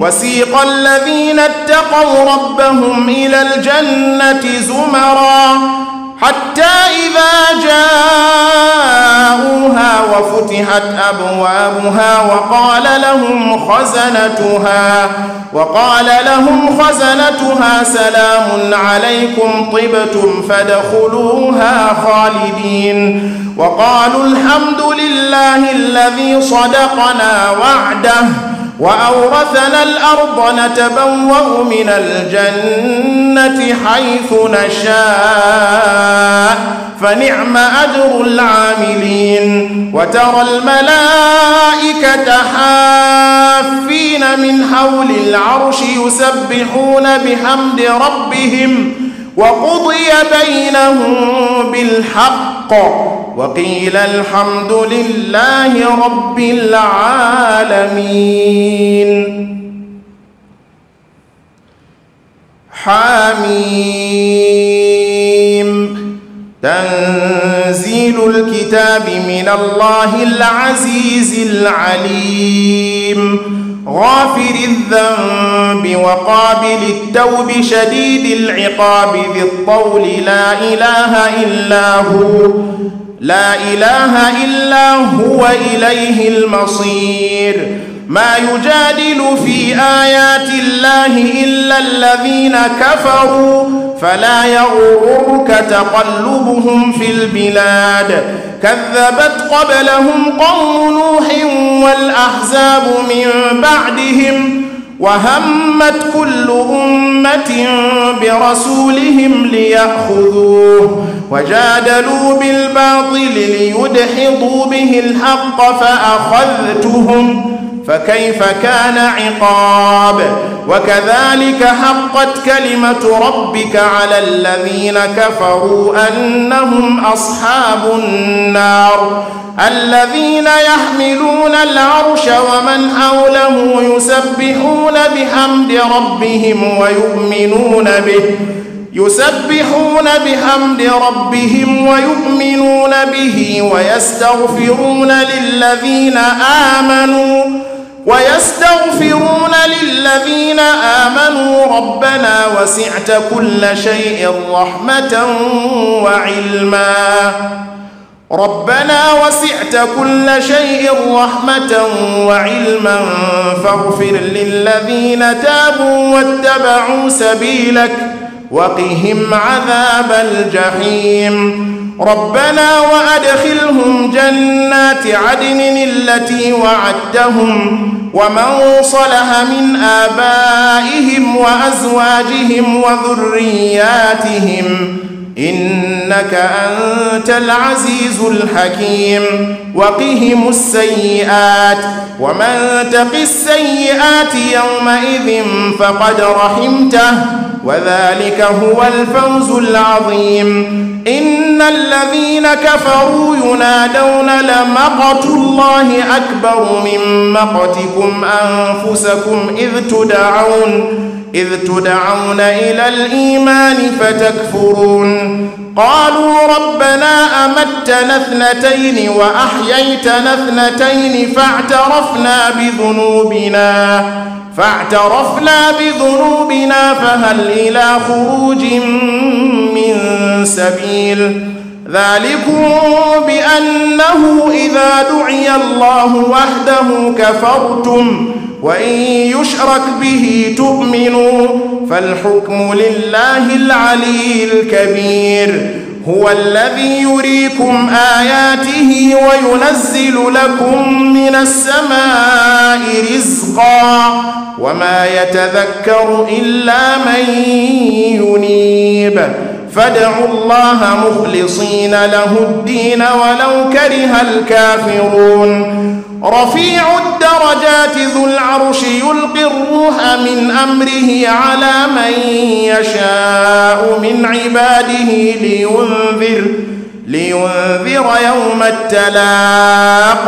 وسيق الذين اتقوا ربهم إلى الجنة زمرا حتى إذا جاءوها وفتحت أبوابها وقال لهم خزنتها وقال لهم خزنتها سلام عليكم طبتم فادخلوها خالدين وقالوا الحمد لله الذي صدقنا وعده وأورثنا الأرض نتبوأ من الجنة حيث نشاء فنعم أجر العاملين وترى الملائكة حافين من حول العرش يسبحون بحمد ربهم وقضي بينهم بالحق وقيل الحمد لله رب العالمين حميم تنزيل الكتاب من الله العزيز العليم غافر الذنب وقابل التوب شديد العقاب ذي الطول لا إله إلا هو لا إله إلا هو إليه المصير ما يجادل في آيات الله إلا الذين كفروا فلا يغرك تقلبهم في البلاد كذبت قبلهم قوم نوح والأحزاب من بعدهم وهمت كل أمة برسولهم ليأخذوه وجادلوا بالباطل ليدحضوا به الحق فأخذتهم فكيف كان عقاب وكذلك حقت كلمة ربك على الذين كفروا أنهم أصحاب النار الذين يحملون العرش ومن حوله يسبحون بحمد ربهم ويؤمنون به يسبحون بحمد ربهم ويؤمنون به ويستغفرون للذين آمنوا ويستغفرون للذين آمنوا ربنا وسعت كل شيء رحمة وعلما ربنا وسعت كل شيء رحمة وعلما فاغفر للذين تابوا واتبعوا سبيلك وقهم عذاب الجحيم ربنا وأدخلهم جنات عدن التي وعدتهم ومن صلح من آبائهم وأزواجهم وذرياتهم إنك أنت العزيز الحكيم وقهم السيئات ومن تق السيئات يومئذ فقد رحمته وذلك هو الفوز العظيم إن الذين كفروا ينادون لمقت الله أكبر من مقتكم أنفسكم إذ تدعون إذ تدعون إلى الإيمان فتكفرون قالوا ربنا أمتنا اثنتين وأحييتنا اثنتين فاعترفنا بذنوبنا فاعترفنا بذنوبنا فهل إلى خروج من سبيل ذلكم بأنه إذا دعي الله وحده كفرتم وإن يشرك به تؤمنوا فالحكم لله العلي الكبير هو الذي يريكم آياته وينزل لكم من السماء رزقا وما يتذكر إلا من ينيب فادعوا الله مخلصين له الدين ولو كره الكافرون رفيع الدرجات ذو العرش يلقي الروح من أمره على من يشاء من عباده لينذر لينذر يوم التلاق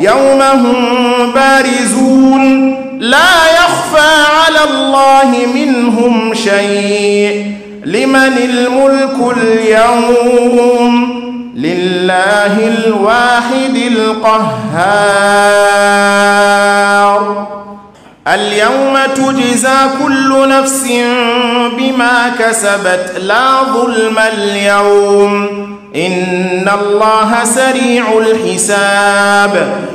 يوم هم بارزون لا يخفى على الله منهم شيء لمن الملك اليوم لله الواحد القهار اليوم تجزى كل نفس بما كسبت لا ظلم اليوم إن الله سريع الحساب